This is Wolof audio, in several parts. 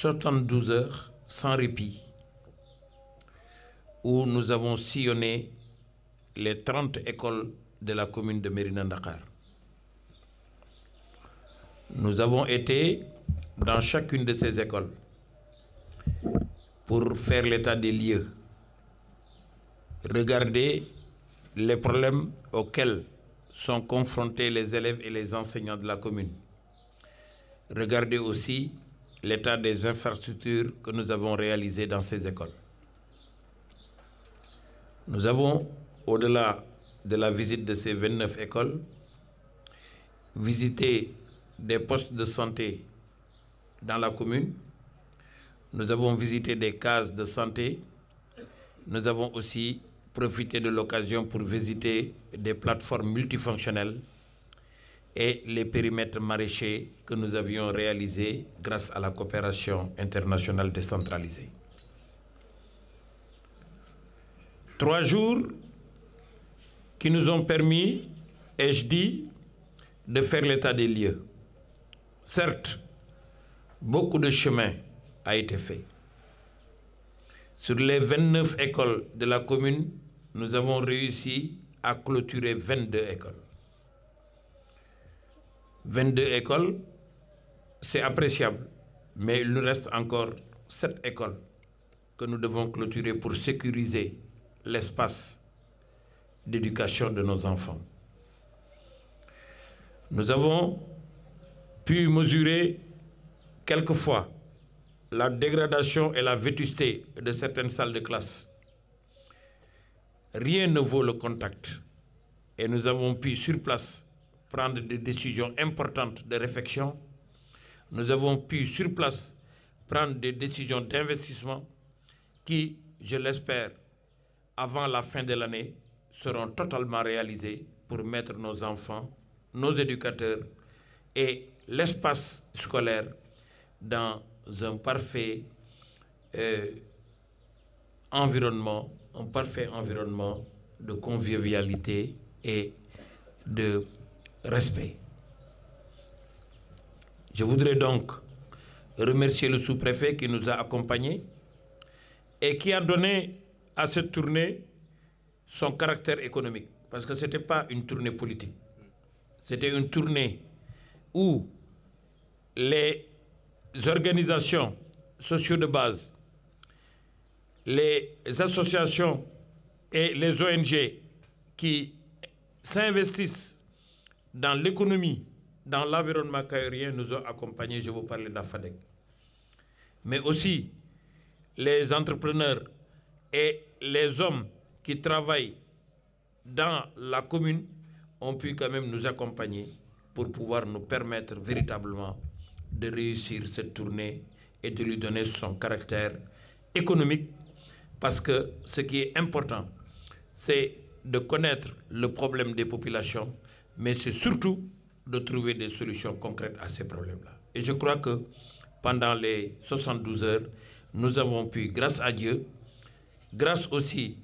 72 heures sans répit, où nous avons sillonné les 30 écoles de la commune de Mérina Dakar. Nous avons été dans chacune de ces écoles pour faire l'état des lieux, regarder les problèmes auxquels sont confrontés les élèves et les enseignants de la commune. Regardez aussi l'état des infrastructures que nous avons réalisées dans ces écoles. Nous avons, au-delà de la visite de ces 29 écoles, visité des postes de santé dans la commune. Nous avons visité des cases de santé. Nous avons aussi profité de l'occasion pour visiter des plateformes multifonctionnelles et les périmètres maraîchers que nous avions réalisés à la coopération internationale décentralisée. Trois jours qui nous ont permis, ai de faire l'état des lieux. Certes, beaucoup de chemin a été fait. Sur les 29 écoles de la commune, nous avons réussi à clôturer 22 écoles. 22 écoles, c'est appréciable, mais il nous reste encore 7 écoles que nous devons clôturer pour sécuriser l'espace d'éducation de nos enfants. Nous avons pu mesurer quelquefois la dégradation et la vétusté de certaines salles de classe. Rien ne vaut le contact et nous avons pu sur place prendre des décisions importantes de réflexion. Nous avons pu sur place prendre des décisions d'investissement qui, je l'espère, avant la fin de l'année, seront totalement réalisées pour mettre nos enfants, nos éducateurs et l'espace scolaire dans un parfait euh, environnement, un parfait environnement de convivialité et de respect. Je voudrais donc remercier le sous-préfet qui nous a accompagnés et qui a donné à cette tournée son caractère économique. Parce que ce n'était pas une tournée politique. C'était une tournée où les organisations sociaux de base, les associations et les ONG qui s'investissent dans l'économie, dans l'environnement caérien nous ont accompagnés, je vous parlais d'AFADEC. Mais aussi, les entrepreneurs et les hommes qui travaillent dans la commune ont pu quand même nous accompagner pour pouvoir nous permettre véritablement de réussir cette tournée et de lui donner son caractère économique parce que ce qui est important, c'est de connaître le problème des populations, mais c'est surtout de trouver des solutions concrètes à ces problème là Et je crois que pendant les 72 heures, nous avons pu, grâce à Dieu, grâce aussi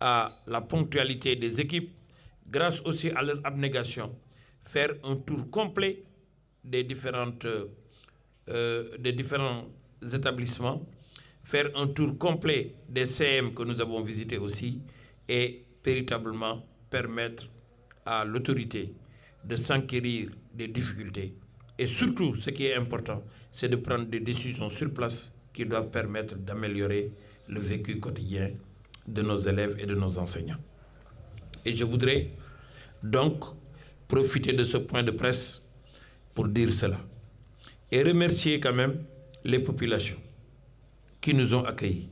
à la ponctualité des équipes, grâce aussi à leur abnégation, faire un tour complet des, différentes, euh, des différents établissements, faire un tour complet des CM que nous avons visités aussi et véritablement permettre à l'autorité de s'enquérir des difficultés. Et surtout, ce qui est important, c'est de prendre des décisions sur place qui doivent permettre d'améliorer le vécu quotidien de nos élèves et de nos enseignants. Et je voudrais donc profiter de ce point de presse pour dire cela. Et remercier quand même les populations qui nous ont accueillis.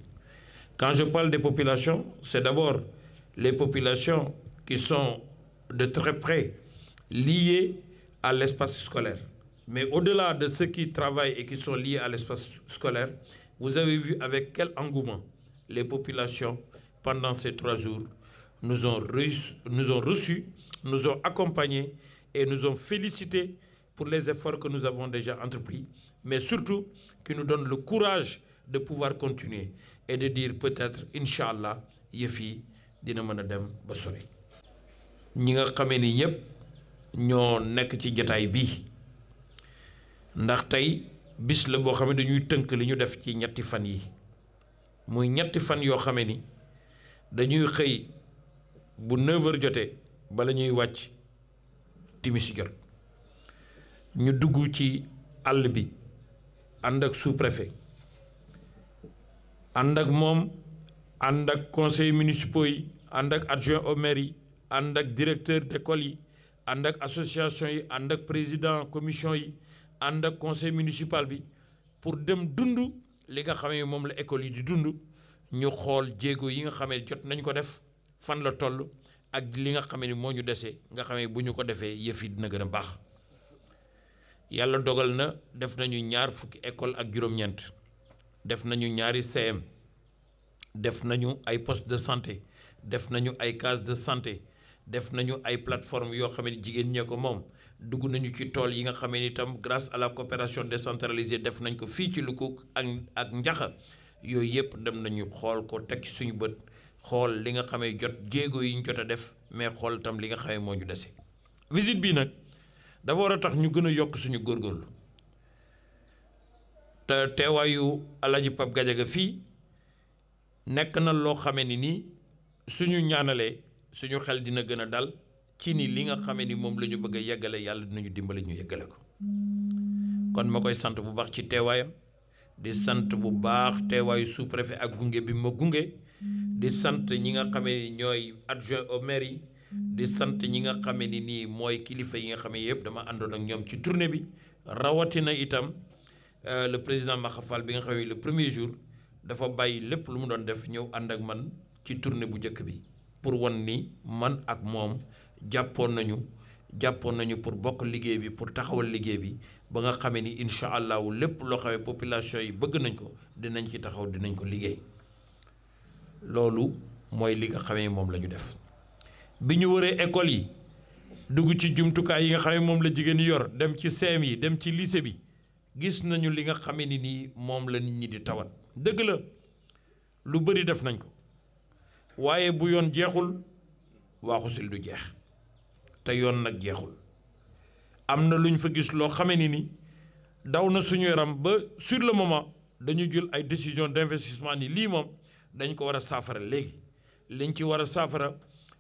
Quand je parle des populations, c'est d'abord les populations qui sont de très près liés à l'espace scolaire. Mais au-delà de ceux qui travaillent et qui sont liés à l'espace scolaire, vous avez vu avec quel engouement les populations, pendant ces trois jours, nous ont, reçus, nous ont, reçus, nous ont accompagnés et nous ont félicités pour les efforts que nous avons déjà entrepris, mais surtout qui nous donnent le courage de pouvoir continuer et de dire peut-être, Inch'Allah, Yefi, Dina Manadem, Bassori. ñi nga xamee ni ñëpp ñoo nekk ci jataay bii ndax tey bis la boo xam ne dañuy tënk li ñu def ci ñetti fan yi muy ñetti fan yoo xame ni dañuy xëy bu 9h jotee bala ñuy wàcc timisi jot ñu dugg ci àll bi ànd ak sous-préfet ànd ak moom ànd ak conseil municipal yi ànd ak adjoint au maire yi ànd ak directeur d'école yi ànd ak association yi ànd ak président commission yi ànd ak conseil municipal bi pour dem dund li nga xam moom la école yi di dund ñu xool jéego yi nga xamee jot nañ ko def fan la toll ak li nga xam ne moo ñu desee nga xam ne bu ñu ko defee yëf yi dina gën a baax yàlla dogal na def nañu ñaar fukki école ak juróom-ñeent def nañu ñaari CM def nañu ay poste de santé def nañu ay case de santé def nañu ay plateforme yoo xam ne jigéen ñee ko moom dugg nañu ci tool yi nga xam ne itam grâce à la coopération décentralisée def nañ ko fii ci Lukuk ak ak Njaxa yooyu yëpp dem nañu xool ko teg ci suñu bët xool li nga xam ne jot jéego yi ñu jot a def mais xool itam li nga xam ne moo ñu dese. visite bii nag dafa war a tax ñu gën a yokk suñu góorgóorlu te teewaayu El Hadj Pape Gadiaga fii nekk na loo xamee ni nii suñu ñaanalee. suñu xel dina gën a dal ci ni li nga xamee ni moom la ñu bëgg a yeggale yàlla dinañu dimbale ñu yeggale ko kon ma koy sant bu baax ci teewaayam di sant bu baax teewaayu sous préfet ak gunge bi ma gunge di sant ñi nga xamee ni ñooy adjoint au maire yi di sant ñi nga xamee ni nii mooy kilifa yi nga xamee yëpp dama àndoon ak ñoom ci tournée bi rawatina itam euh, le président Maxafal bi nga xam ne premier jour dafa bàyyi lépp lu mu doon def ñëw ànd ak man ci tournée bu njëkk bi. pour wan ni man ak moom jàppoon nañu jàppoon nañu pour bokk liggéey bi pour taxawal liggéey bi ba nga xamee ni incha allahu lépp loo xamee population yi bëgg nañ ko dinañ ci taxaw dinañ ko liggéey loolu mooy li nga xamee moom la ñu def bi ñu waree école yi dugg ci jumtukaay yi nga xamee moom la jigéen yor dem ci seem yi dem ci lycée bi gis nañu li nga xamee ni nii moom la nit ñi di tawat dëgg la lu bëri def nañ ko waaye bu yoon jeexul waaxu sil du jeex te yoon nag jeexul am na lu ñu fa gis loo xame ni ni daw na suñu yaram ba sur le moment dañu jël ay décision d'investissement ni lii moom dañ ko war a saafara léegi liñ ci war a saafara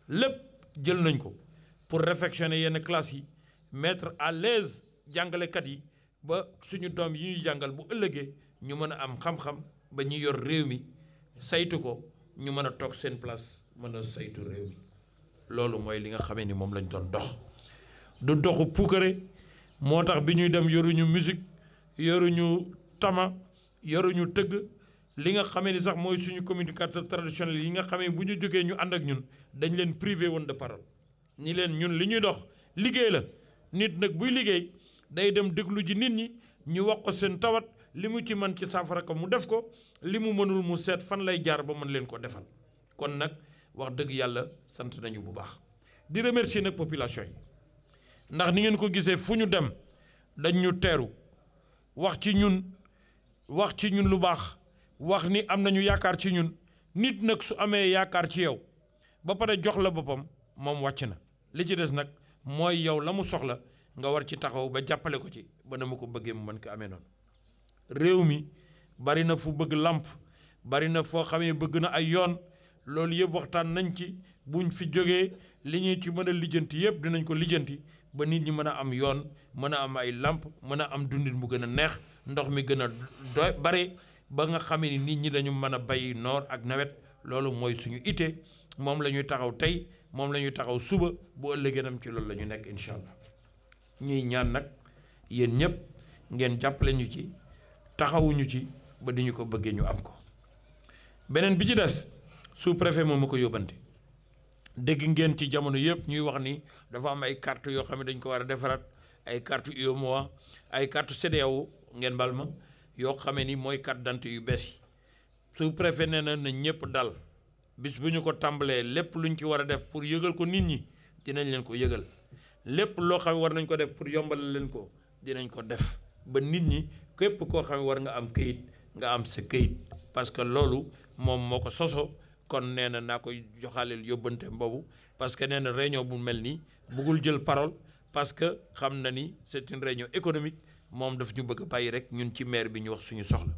lépp jël nañ ko pour réfectionner yenn classes yi mettre à l'aise jàngalekat yi ba suñu doom yi ñuy jàngal bu ëllëgee ñu mën a am xam-xam ba ñu yor réew mi saytu ko ñu mën a toog seen place mën a saytu réew mi loolu mooy li nga xamee ni moom lañ doon dox du doxu puukare moo tax bi ñuy dem yoruñu musique yoruñu tama yoruñu tëgg li nga xamee ni sax mooy suñu communicateur traditionnel yi nga xamee bu ñu jógee ñu ànd ak ñun dañ leen privé woon de parole ñi leen ñun li ñuy dox liggéey la nit nag buy liggéey day dem déglu ji nit ñi ñu wax ko seen tawat li mu ci mën ci saafara ko mu def ko li mu mënul mu seet fan lay jaar ba mën leen ko defal kon nag wax dëgg yàlla sant nañu bu baax di remercier nag population yi ndax ni ngeen ko gisee fu ñu dem dañ ñu teeru wax ci ñun wax ci ñun lu baax wax ni am nañu yaakaar ci ñun nit nag su amee yaakaar ci yow ba pare jox la boppam moom wàcc na li ci des nag mooy yow la mu soxla nga war ci taxaw ba jàppale ko ci ba na mu ko bëggee mu mën ko amee noonu réew mi bari na fu bëgg làmp bari na foo xamee bëgg na ay yoon loolu yëpp waxtaan nañ ci bu buñ fi jógee li ñu ci mën a lijjanti yëpp dinañ ko lijjanti ba nit ñi mën a am yoon mën a am ay làmp mën a am dundit mu gën a neex ndox mi gën a doy bare ba nga xamee ni nit ñi dañu mën a bay noor ak nawet loolu mooy suñu ite moom la ñuy taxaw tey moom la ñuy taxaw suba bu ëllëgee ci loolu la ñu nekk incha allah ñuy ñaan nag yéen ñëpp ngeen jàppale ñu ci. taxawuñu ci ba di ñu ko bëggee ñu am ko beneen bi ci des su préfet moom ma ko yóbbante dégg ngeen ci jamono yëpp ñuy wax ni dafa am ay carte yoo xam ne dañ ko war a defaraat ay carte UEMOA ay carte CEDEAO ngeen bal ma yoo xamee ni mooy carte d'identité yu bees yi sous-préfet nee na na ñëpp dal bis bu ñu ko tàmbalee lépp lu luñ ci war a def pour yëgal ko nit ñi dinañ leen ko yëgal lépp loo xam war nañ ko def pour yombal leen ko dinañ ko def ba nit ñi képp koo xam ne war nga am kayit nga am sa kayit parce que loolu moom moo ko soso kon nee na naa koy joxaleel yóbbante boobu parce que nee na réunion bu mel nii bëggul jël parole parce que xam na ni c'est une réunion économique moom daf ñu bëgg a bàyyi rek ñun ci maire bi ñu wax suñu soxla